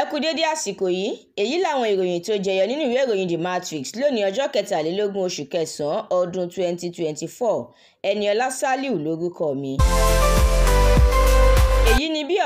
ẹ kú dédé àsìkò yìí èyí làwọn ìròyìn tó jẹyọ nínú ìwé ìròyìn the matrix lónìí ọjọ́ kẹtàlélógún oṣù kẹsànán ọdún twenty twenty four ẹniọlá saliu lórúkọ mi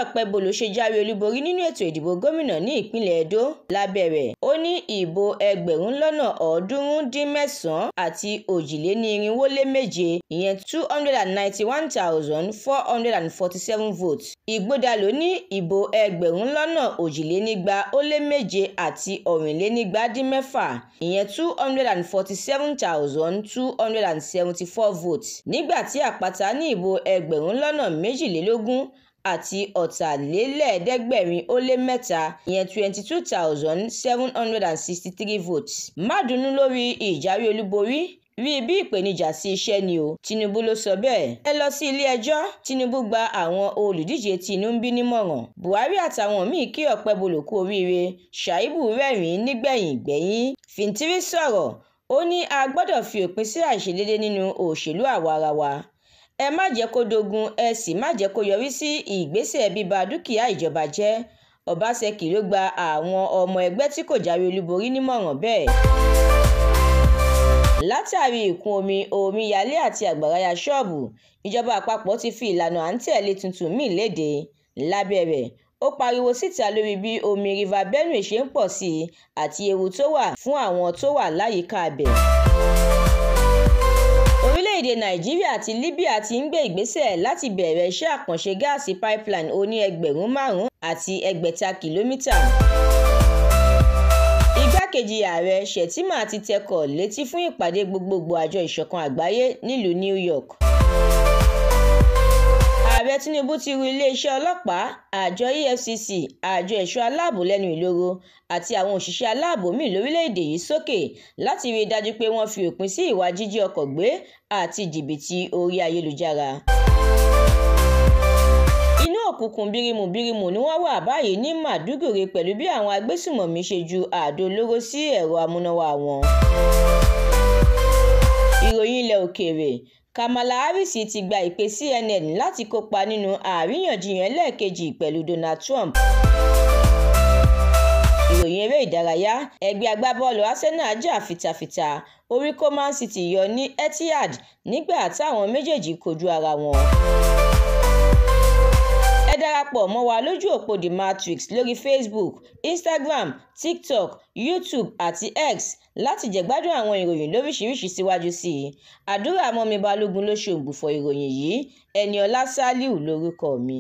ọ̀pẹ́bó ló ṣe jáwé olúborí nínú ètò ìdìbò gómìnà ní ìpínlẹ̀ Edo lábẹ́rẹ̀ ó ní ìbò ẹgbẹ̀rún lọ́nà ọ̀ọ́dúnrún dín mẹ́sàn-án àti òjìlénírinwó lé méje ìyẹn two hundred and ninety one thousand four hundred and forty seven votes Ìgbódà ló ní ìbò ẹgbẹ̀rún lọ́nà òjìlénígba ó lé méje àti ọ̀rìnlénígba dín mẹ́fà ìyẹn two hundred and forty seven thousand two hundred and seventy four votes nígbà tí Àpáta ní ìbò ẹgbẹ̀rún lọ́nà méjìlélógún àti ọ̀tàlélẹ́ẹ̀ẹ́dẹ́gbẹ̀rin ó lé mẹ́ta ìyẹn twenty two thousand seven hundred and sixty three votes. má dunnú lórí ìjáwé olúborí rí bí ìpèníjà sí iṣẹ́ ni o Tinubu ló sọ bẹ́ẹ̀ ẹ lọ sí ilé ẹjọ́ Tinubu gba àwọn olùdíje tìǹú ń bí nímọ̀ràn Buhari àtàwọn míì kí ọ̀pẹ bolòkú oríire Ṣàìbù rẹ́rìn-ín nígbẹ̀yìn gbẹ̀yìn Fintiri sọ̀rọ̀ ó ní a gbọ́dọ̀ fi òpin sí àìṣedéédé nínú òṣèlú àwa ara wa ẹ má jẹ́ kó dogun ẹ sì má jẹ́ kó yọrí sí ìgbésẹ̀ bíba dúkìá ìjọba jẹ́ ọbaṣẹ́kì ló gba àwọn ọmọ ẹgbẹ́ tí kò jáwé olúborí nímọ̀ràn bẹ́ẹ̀ látàrí ìkún omi omíyalé àti ya ṣọ́ọ̀bù ìjọba àpapọ̀ ti fi ìlànà à ń tẹ̀lé tuntun míì léde lábẹ́ rẹ̀ ó pariwo síta lórí bí omi river benue ṣe ń pọ̀ sí i àti ewu tó wà fún àwọn tó wà láyìíká abẹ̀ orílẹ̀-èdè nàìjíríà àti libya ti ń gbé ìgbésẹ̀ láti bẹ̀rẹ̀ iṣẹ́ àkànṣe gáàsì pipeline oní ẹgbẹ̀rún márùn-ún àti ẹgbẹ̀ta kìlómítà igbákejì ààrẹ shettima ti tẹkọ̀ létí fún ìpàdé gbogbogbò àjọ ìṣọ̀kan àgbáyé nílùú new york ààrẹ tinubu ti ru iléeṣẹ́ ọlọ́pàá àjọ efcc àjọ ẹ̀ṣọ́ aláàbò lẹ́nu ìloro àti àwọn òṣìṣẹ́ aláàbò míì lórílẹ̀‐èdè yìí sókè láti rí i dájú pé wọ́n fi òpin sí ìwà jíjí ọkọ̀ gbé àti jìbìtì orí ayélujára òkùnkùn bírimù bírimù ni wọ́n wà báyìí ní màdúgùrì pẹ̀lú bí àwọn agbésùmọ̀mí ṣe ju àdó olóró sí ẹ̀rọ amúnáwá wọn. ìròyìn ilẹ̀ òkèèrè kamala harris ti gba ìpè cnn láti kópa nínú àríyànjiyàn ẹlẹ́ẹ̀kejì pẹ̀lú donald trump ìròyìn eré ìdárayá ẹgbẹ́ agbábọ́ọ̀lù arsenal jà fìtàfìtà orí kó man city yọ ní etihad nígbà táwọn méjèèjì kojú ara wọn darapọ̀ mọ́ wa lójú òpó The Matrix lórí Facebook, Instagram, TikTok, YouTube àti X láti jẹ̀gbádùn àwọn ìròyìn lóríṣiríṣi síwájú sí i àdúrà mọ́mi balógun ló ṣòǹgbù fọ ìròyìn yìí Ẹniọlá Sàlíù lórúkọ mi